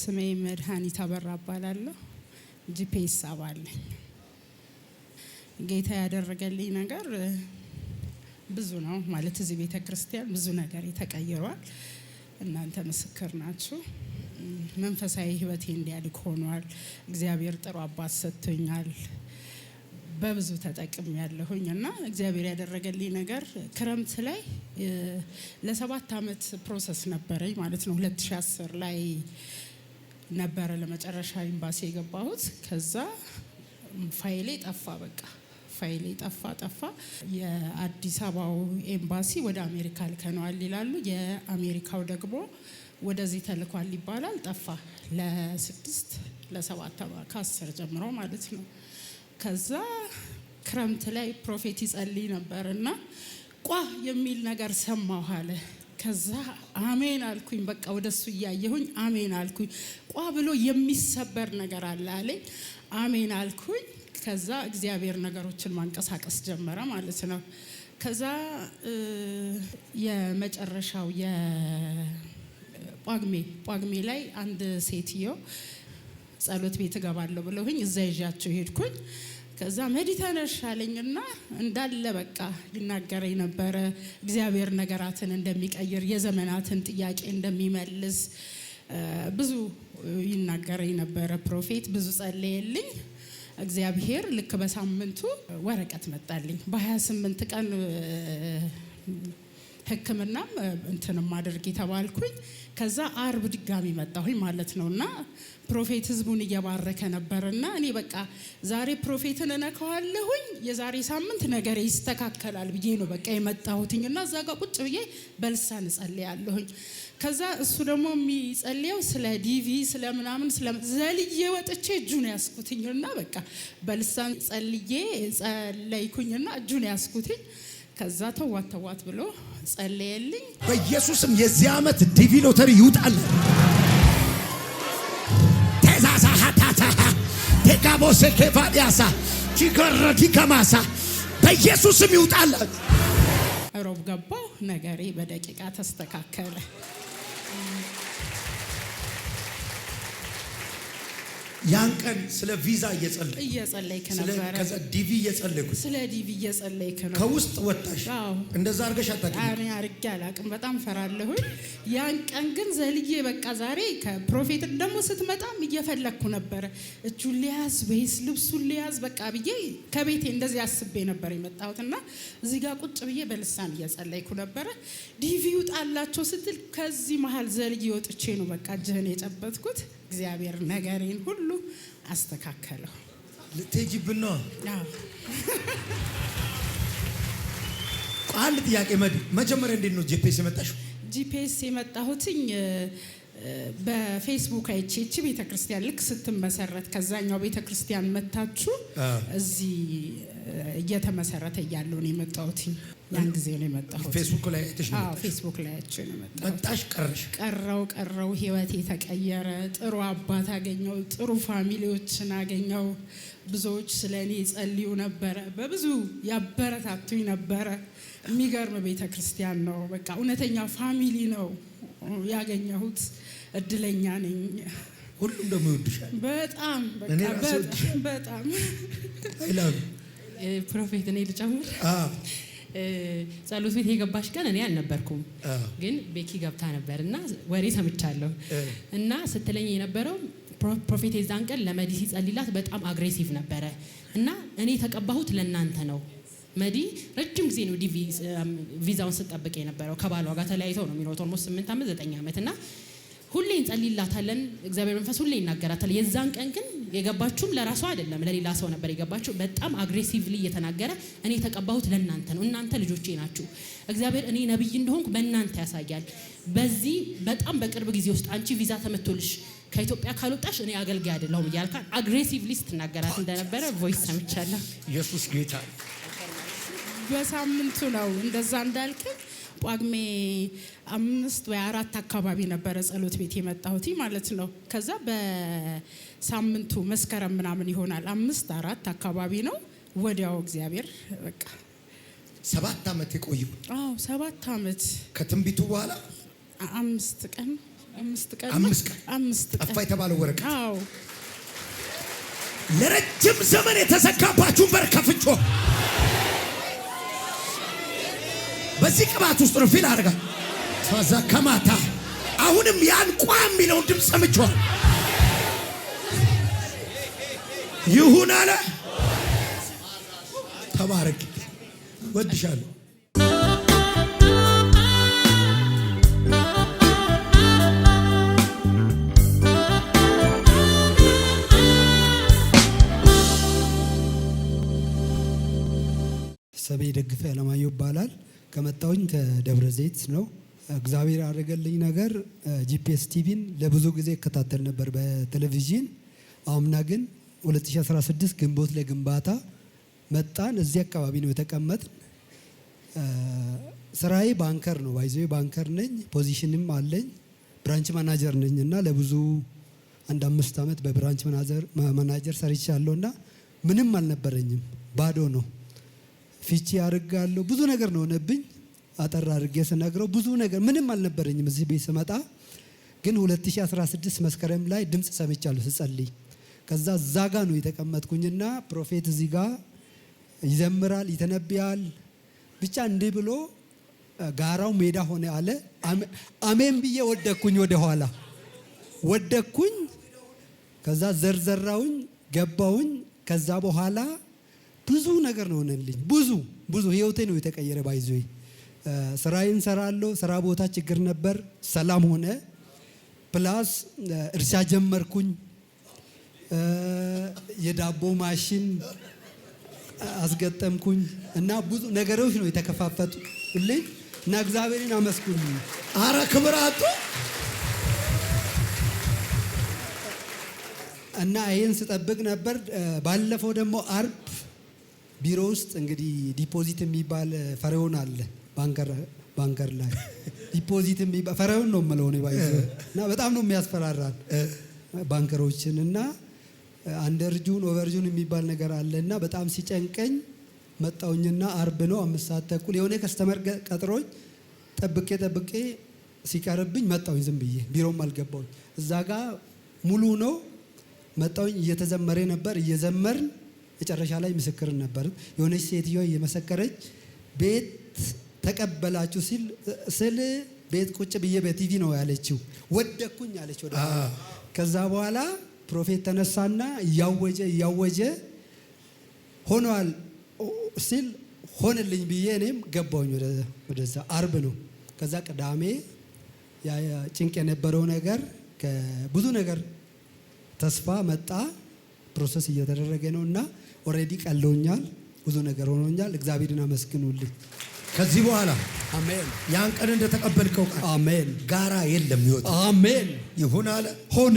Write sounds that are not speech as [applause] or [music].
ስሜ መድኃኒት አበራ እባላለሁ። ጂፒኤስ አባለኝ። ጌታ ያደረገልኝ ነገር ብዙ ነው ማለት እዚህ ቤተ ክርስቲያን ብዙ ነገር ተቀይሯል። እናንተ ምስክር ናችሁ። መንፈሳዊ ሕይወቴ እንዲያድግ ሆኗል። እግዚአብሔር ጥሩ አባት ሰጥቶኛል። በብዙ ተጠቅም ያለሁኝ እና እግዚአብሔር ያደረገልኝ ነገር ክረምት ላይ ለሰባት ዓመት ፕሮሰስ ነበረኝ ማለት ነው 2010 ላይ ነበረ ለመጨረሻ ኤምባሲ የገባሁት። ከዛ ፋይሌ ጠፋ፣ በቃ ፋይሌ ጠፋ ጠፋ። የአዲስ አበባው ኤምባሲ ወደ አሜሪካ ልከነዋል ይላሉ፣ የአሜሪካው ደግሞ ወደዚህ ተልኳል ይባላል። ጠፋ ለስድስት ለሰባት ከአስር ጀምሮ ማለት ነው። ከዛ ክረምት ላይ ፕሮፌት ይጸልይ ነበር እና ቋ የሚል ነገር ሰማሁ አለ ከዛ አሜን አልኩኝ። በቃ ወደሱ እያየሁኝ አሜን አልኩኝ። ቋ ብሎ የሚሰበር ነገር አለ አለኝ። አሜን አልኩኝ። ከዛ እግዚአብሔር ነገሮችን ማንቀሳቀስ ጀመረ ማለት ነው። ከዛ የመጨረሻው የጳጉሜ ጳጉሜ ላይ አንድ ሴትዮ ጸሎት ቤት እገባለሁ ብለውኝ እዛ ይዣቸው ሄድኩኝ። ከዛ መዲ ተነሻለኝና እንዳለ በቃ ይናገረኝ ነበረ። እግዚአብሔር ነገራትን እንደሚቀይር የዘመናትን ጥያቄ እንደሚመልስ ብዙ ይናገረኝ ነበረ። ፕሮፌት ብዙ ጸለየልኝ። እግዚአብሔር ልክ በሳምንቱ ወረቀት መጣልኝ በ28 ቀን ህክምናም እንትንም አድርግ የተባልኩኝ ከዛ አርብ ድጋሚ መጣሁኝ ማለት ነው። እና ፕሮፌት ህዝቡን እየባረከ ነበር። እና እኔ በቃ ዛሬ ፕሮፌትን እነከዋለሁኝ የዛሬ ሳምንት ነገር ይስተካከላል ብዬ ነው በቃ የመጣሁትኝ። እና እዛ ጋር ቁጭ ብዬ በልሳን እጸልያለሁኝ። ከዛ እሱ ደግሞ የሚጸልየው ስለ ዲቪ ስለ ምናምን ዘልዬ ወጥቼ እጁን ያስኩትኝ እና በቃ በልሳን ጸልዬ ጸለይኩኝ እና እጁን ያስኩትኝ ከዛ ተዋት ተዋት ብሎ ጸለየልኝ። በኢየሱስም የዚህ ዓመት ዲቪ ሎተሪ ይውጣል። ተዛዛ ሀታታ ቴጋቦሴ በኢየሱስም ይውጣል። ሮብ ገባው ነገሬ በደቂቃ ተስተካከለ። ያን ቀን ስለ ቪዛ እየጸለይኩ እየጸለይክ ከዛ ዲቪ እየጸለይኩ ስለ ዲቪ እየጸለይክ ነው። ከውስጥ ወጣሽ። እንደዛ አድርገሽ አታውቂም። እኔ አድርጌ አላውቅም። በጣም ፈራለሁኝ። ያን ቀን ግን ዘልዬ በቃ ዛሬ ከፕሮፌት ደግሞ ስትመጣም እየፈለግኩ ነበረ። እጁን ሊያዝ ወይስ ልብሱ ሊያዝ በቃ ብዬ ከቤቴ እንደዚህ አስቤ ነበር የመጣሁት እና እዚህ ጋር ቁጭ ብዬ በልሳን እየጸለይኩ ነበረ። ዲቪ ውጣላቸው ስትል ከዚህ መሀል ዘልዬ ወጥቼ ነው በቃ እጅህን የጨበጥኩት። እግዚአብሔር ነገሬን ሁሉ አስተካከለው። ልትሄጂብን ነው። አንድ ጥያቄ መድ መጀመሪያ እንዴት ነው ጂፒኤስ የመጣሽው? ጂፒኤስ የመጣሁትኝ በፌስቡክ አይቼ ይቺ ቤተክርስቲያን ልክ ስትመሰረት ከዛኛው ቤተክርስቲያን መታችሁ እዚህ እየተመሰረተ እያለሁ ነው የመጣሁት። ያን ጊዜ ነው የመጣሁት። ፌስቡክ ላይ ነው? ፌስቡክ ላይ አይቼ ነው የመጣሁት። መጣሽ ቀረሽ ቀረው ቀረው ህይወቴ ተቀየረ። ጥሩ አባት አገኘው፣ ጥሩ ፋሚሊዎችን አገኘው። ብዙዎች ስለ እኔ ጸልዩ ነበረ፣ በብዙ ያበረታቱኝ ነበረ። የሚገርም ቤተ ክርስቲያን ነው። በቃ እውነተኛ ፋሚሊ ነው ያገኘሁት። እድለኛ ነኝ። ሁሉም ደግሞ ይወድሻል በጣም በጣም ፕሮፌት እኔ ልጨምር። ጸሎት ቤት የገባሽ ቀን እኔ አልነበርኩም፣ ግን ቤኪ ገብታ ነበር እና ወሬ ሰምቻለሁ እና ስትለኝ የነበረው ፕሮፌት የዛን ቀን ለመዲ ሲጸልላት በጣም አግሬሲቭ ነበረ እና እኔ የተቀባሁት ለእናንተ ነው። መዲ ረጅም ጊዜ ነው ቪዛውን ስጠብቅ የነበረው ከባሏ ጋር ተለያይተው ነው የሚኖሩት ኦልሞስት ስምንት ዓመት ዘጠኝ ዓመት እና ሁሌ እንጸልላታለን፣ እግዚአብሔር መንፈስ ሁሌ ይናገራታል። የዛን ቀን ግን የገባችሁም ለራሷ አይደለም ለሌላ ሰው ነበር የገባችሁ። በጣም አግሬሲቭሊ እየተናገረ እኔ የተቀባሁት ለእናንተ ነው፣ እናንተ ልጆቼ ናችሁ። እግዚአብሔር እኔ ነብይ እንደሆንኩ በእናንተ ያሳያል። በዚህ በጣም በቅርብ ጊዜ ውስጥ አንቺ ቪዛ ተመቶልሽ ከኢትዮጵያ ካልወጣሽ እኔ አገልጋይ አይደለሁም እያልካ አግሬሲቭሊ ስትናገራት እንደነበረ ቮይስ ሰምቻለሁ። ኢየሱስ ጌታ በሳምንቱ ነው እንደዛ እንዳልክ ጳጉሜ አምስት ወይ አራት አካባቢ ነበረ ጸሎት ቤት የመጣሁት ማለት ነው። ከዛ በሳምንቱ መስከረም ምናምን ይሆናል አምስት አራት አካባቢ ነው። ወዲያው እግዚአብሔር በቃ ሰባት ዓመት የቆየው አዎ፣ ሰባት ዓመት ከትንቢቱ በኋላ አምስት ቀን አምስት ቀን አምስት ቀን ጠፋ የተባለው ወረቀት አዎ፣ ለረጅም ዘመን የተዘጋባችሁን በር ከፍቼ በዚህ ቅባት ውስጥ ነው ፊል አድርጋ ተዘከማታ ከማታ አሁንም ያን ቋ የሚለውን ድምፅ ሰምቼዋል። ይሁን አለ ተባረክ፣ ወድሻለሁ። ሰቤ ደግፈ አለማየሁ ይባላል። ከመጣሁኝ ከደብረ ዘይት ነው። እግዚአብሔር ያደረገልኝ ነገር ጂፒኤስ ቲቪን ለብዙ ጊዜ እከታተል ነበር በቴሌቪዥን። አምና ግን 2016 ግንቦት ለግንባታ መጣን። እዚህ አካባቢ ነው የተቀመጥ። ስራዬ ባንከር ነው፣ ባይዞ ባንከር ነኝ። ፖዚሽንም አለኝ። ብራንች ማናጀር ነኝ እና ለብዙ አንድ አምስት ዓመት በብራንች ማናጀር ሰርቻለሁ እና ምንም አልነበረኝም፣ ባዶ ነው ፊቺ አድርጋለሁ። ብዙ ነገር ነው ሆነብኝ። አጠር አድርጌ ስነግረው ብዙ ነገር ምንም አልነበረኝም። እዚህ ቤት ስመጣ ግን 2016 መስከረም ላይ ድምፅ ሰምቻለሁ ስጸልይ። ከዛ እዛ ጋ ነው የተቀመጥኩኝና ፕሮፌት እዚህ ጋ ይዘምራል፣ ይተነብያል ብቻ እንዲህ ብሎ ጋራው ሜዳ ሆነ አለ። አሜን ብዬ ወደኩኝ፣ ወደ ኋላ ወደኩኝ። ከዛ ዘርዘራውኝ ገባውኝ። ከዛ በኋላ ብዙ ነገር ነው ሆነልኝ። ብዙ ብዙ ህይወቴ ነው የተቀየረ። ባይዞ ስራዬን ሰራለሁ። ስራ ቦታ ችግር ነበር፣ ሰላም ሆነ። ፕላስ እርሻ ጀመርኩኝ። የዳቦ ማሽን አስገጠምኩኝ እና ብዙ ነገሮች ነው የተከፋፈቱልኝ እና እግዚአብሔርን አመስግኑ። አረ ክብራቱ እና ይህን ስጠብቅ ነበር። ባለፈው ደግሞ አርብ ቢሮ ውስጥ እንግዲህ ዲፖዚት የሚባል ፈሬውን አለ ባንከር ላይ [laughs] ዲፖዚት የሚባል ፈሬውን ነው የምለው እኔ ባይ እና በጣም ነው የሚያስፈራራን ባንከሮችን እና አንደርጁን ኦቨርጁን የሚባል ነገር አለ እና በጣም ሲጨንቀኝ መጣውኝና አርብ ነው አምስት ሰዓት ተኩል የሆነ ከስተመር ቀጥሮኝ ጠብቄ ጠብቄ ሲቀርብኝ መጣውኝ ዝም ብዬ ቢሮም አልገባውኝ እዛ ጋ ሙሉ ነው መጣውኝ እየተዘመረ ነበር እየዘመርን መጨረሻ ላይ ምስክርን ነበር። የሆነች ሴትዮ እየመሰከረች ቤት ተቀበላችሁ ሲል ስል ቤት ቁጭ ብዬ በቲቪ ነው ያለችው። ወደኩኝ አለች። ወደ ከዛ በኋላ ፕሮፌት ተነሳና እያወጀ እያወጀ ሆኗል ሲል ሆንልኝ ብዬ እኔም ገባውኝ ወደዛ። አርብ ነው። ከዛ ቅዳሜ ጭንቅ የነበረው ነገር ብዙ ነገር ተስፋ መጣ። ፕሮሰስ እየተደረገ ነው እና ኦልሬዲ ቀለውኛል። ብዙ ነገር ሆኖኛል። እግዚአብሔርን አመስግኑልኝ። ከዚህ በኋላ አሜን። ያን ቀን እንደተቀበልከው ቃል አሜን። ጋራ የለም ይወጣ አሜን። ይሁን አለ ሆነ